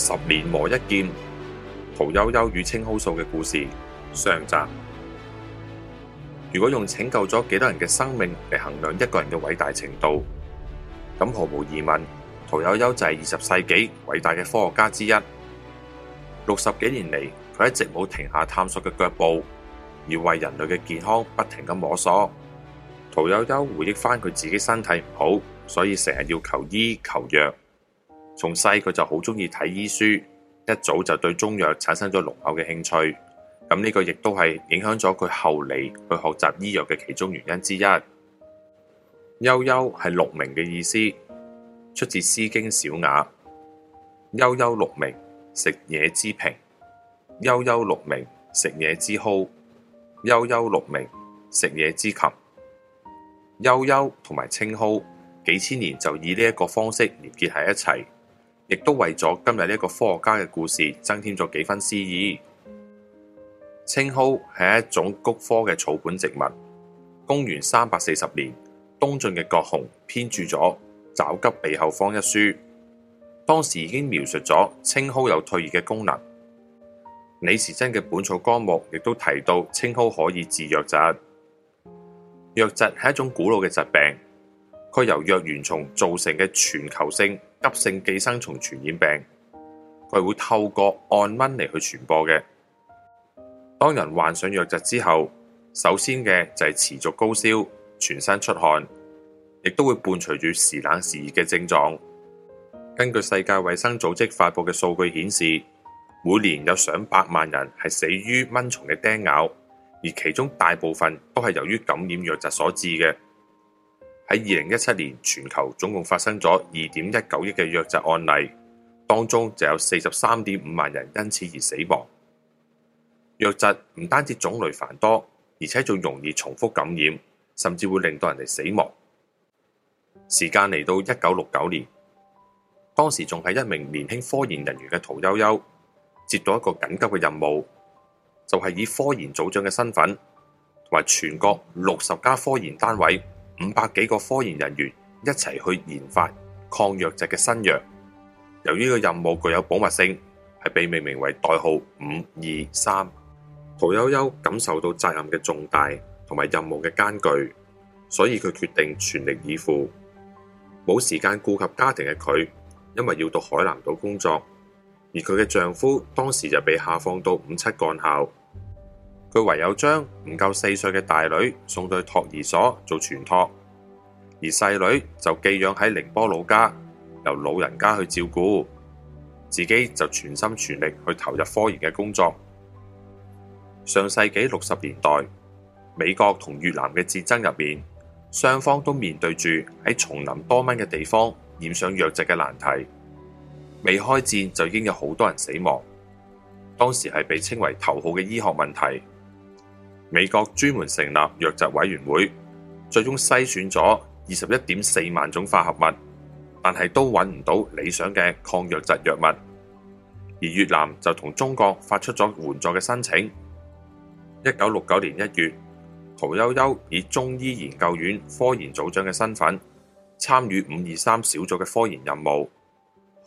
十年磨一劍，屠呦呦與青蒿素嘅故事上集。如果用拯救咗幾多人嘅生命嚟衡量一個人嘅偉大程度，咁毫無疑問，屠呦呦就係二十世紀偉大嘅科學家之一。六十幾年嚟，佢一直冇停下探索嘅腳步，而為人類嘅健康不停咁摸索。屠呦呦回憶翻佢自己身體唔好，所以成日要求醫求藥。從細佢就好中意睇醫書，一早就對中藥產生咗濃厚嘅興趣。咁呢個亦都係影響咗佢後嚟去學習醫藥嘅其中原因之一。呦呦係鹿鳴嘅意思，出自《詩經·小雅》：呦呦鹿鳴，食野之蘋；呦呦鹿鳴，食野之蒿；呦呦鹿鳴，食野之芩」呦呦。「呦呦同埋青蒿幾千年就以呢一個方式連結喺一齊。亦都為咗今日呢一個科學家嘅故事增添咗幾分詩意。青蒿係一種菊科嘅草本植物。公元三百四十年，東晉嘅葛洪編著咗《肘急備後方》一書，當時已經描述咗青蒿有退熱嘅功能。李時珍嘅《本草綱目》亦都提到青蒿可以治瘧疾。瘧疾係一種古老嘅疾病，佢由瘧原蟲造成嘅全球性急性寄生蟲傳染病，佢係會透過按蚊嚟去傳播嘅。當人患上瘧疾之後，首先嘅就係持續高燒、全身出汗，亦都會伴隨住時冷時熱嘅症狀。根據世界衛生組織發佈嘅數據顯示，每年有上百萬人係死於蚊蟲嘅叮咬，而其中大部分都係由於感染瘧疾所致嘅。喺二零一七年，全球總共發生咗二點一九億嘅瘧疾案例，當中就有四十三點五萬人因此而死亡。瘧疾唔單止種類繁多，而且仲容易重複感染，甚至會令到人哋死亡。時間嚟到一九六九年，當時仲係一名年輕科研人員嘅屠悠悠，接到一個緊急嘅任務，就係、是、以科研組長嘅身份同埋全國六十家科研單位。五百幾個科研人員一齊去研發抗瘧疾嘅新藥。由於個任務具有保密性，係被命名為代號五二三。屠呦呦感受到責任嘅重大同埋任務嘅艱巨，所以佢決定全力以赴，冇時間顧及家庭嘅佢，因為要到海南島工作，而佢嘅丈夫當時就被下放到五七幹校。佢唯有將唔夠四歲嘅大女送到托兒所做全托，而細女就寄養喺寧波老家，由老人家去照顧，自己就全心全力去投入科研嘅工作。上世紀六十年代，美國同越南嘅戰爭入面，雙方都面對住喺叢林多蚊嘅地方染上瘧疾嘅難題，未開戰就已經有好多人死亡，當時係被稱為頭號嘅醫學問題。美國專門成立瘧疾委員會，最終篩選咗二十一點四萬種化合物，但係都揾唔到理想嘅抗瘧疾藥物。而越南就同中國發出咗援助嘅申請。一九六九年一月，屠呦呦以中醫研究院科研組長嘅身份，參與五二三小組嘅科研任務，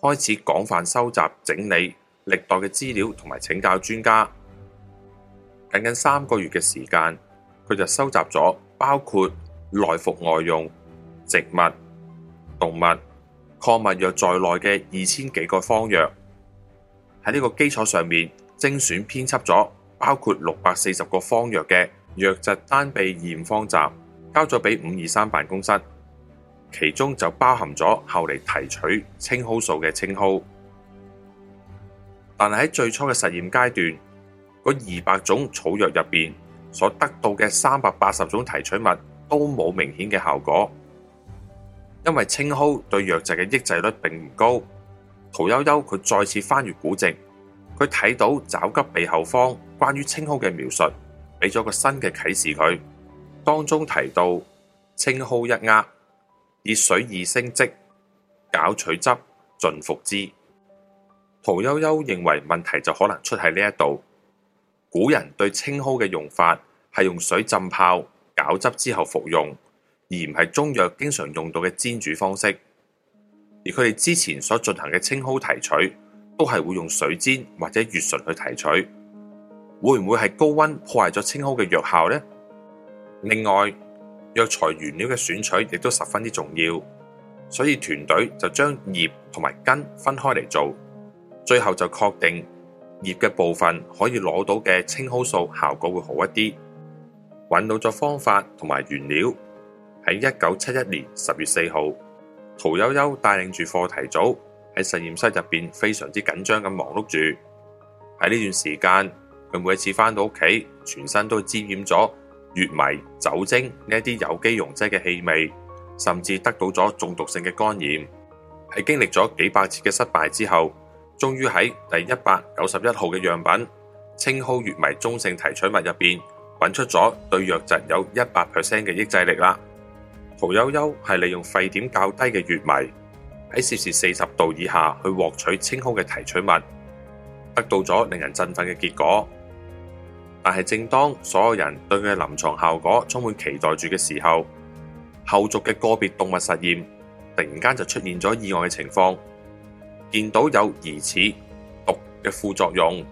開始廣泛收集整理歷代嘅資料同埋請教專家。僅僅三個月嘅時間，佢就收集咗包括內服外用、植物、動物、礦物藥在內嘅二千幾個方藥。喺呢個基礎上面精選編輯咗包括六百四十個方藥嘅《藥籍單秘驗方集》，交咗俾五二三辦公室，其中就包含咗後嚟提取青蒿素嘅青蒿。但係喺最初嘅實驗階段。嗰二百種草藥入邊所得到嘅三百八十種提取物都冇明顯嘅效果，因為青蒿對瘧疾嘅抑制率並唔高。屠呦呦佢再次翻閱古籍，佢睇到《肘後備急方》關於青蒿嘅描述，俾咗個新嘅啟示佢。當中提到青蒿一握，以水二升，漬，絞取汁，盡服之。屠呦呦認為問題就可能出喺呢一度。古人對青蒿嘅用法係用水浸泡絞汁之後服用，而唔係中藥經常用到嘅煎煮方式。而佢哋之前所進行嘅青蒿提取，都係會用水煎或者乙醇去提取，會唔會係高溫破壞咗青蒿嘅藥效呢？另外，藥材原料嘅選取亦都十分之重要，所以團隊就將葉同埋根分開嚟做，最後就確定。葉嘅部分可以攞到嘅青蒿素效果會好一啲，揾到咗方法同埋原料。喺一九七一年十月四號，屠呦呦帶領住課題組喺實驗室入邊非常之緊張咁忙碌住。喺呢段時間，佢每一次翻到屋企，全身都沾染咗乙醚、酒精呢啲有機溶劑嘅氣味，甚至得到咗中毒性嘅肝炎。喺經歷咗幾百次嘅失敗之後，終於喺第一百九十一號嘅樣品青蒿乙醚中性提取物入邊揾出咗對瘧疾有一百 percent 嘅抑制力啦。屠呦呦係利用沸點較低嘅乙醚喺攝氏四十度以下去獲取青蒿嘅提取物，得到咗令人振奮嘅結果。但係，正當所有人對佢嘅臨床效果充滿期待住嘅時候，後續嘅個別動物實驗突然間就出現咗意外嘅情況。見到有疑似毒嘅副作用，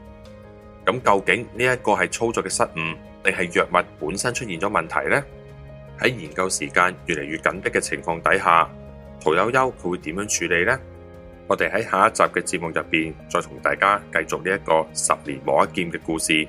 咁究竟呢一個係操作嘅失誤，定係藥物本身出現咗問題呢？喺研究時間越嚟越緊迫嘅情況底下，屠呦呦佢會點樣處理呢？我哋喺下一集嘅節目入邊，再同大家繼續呢一個十年磨一劍嘅故事。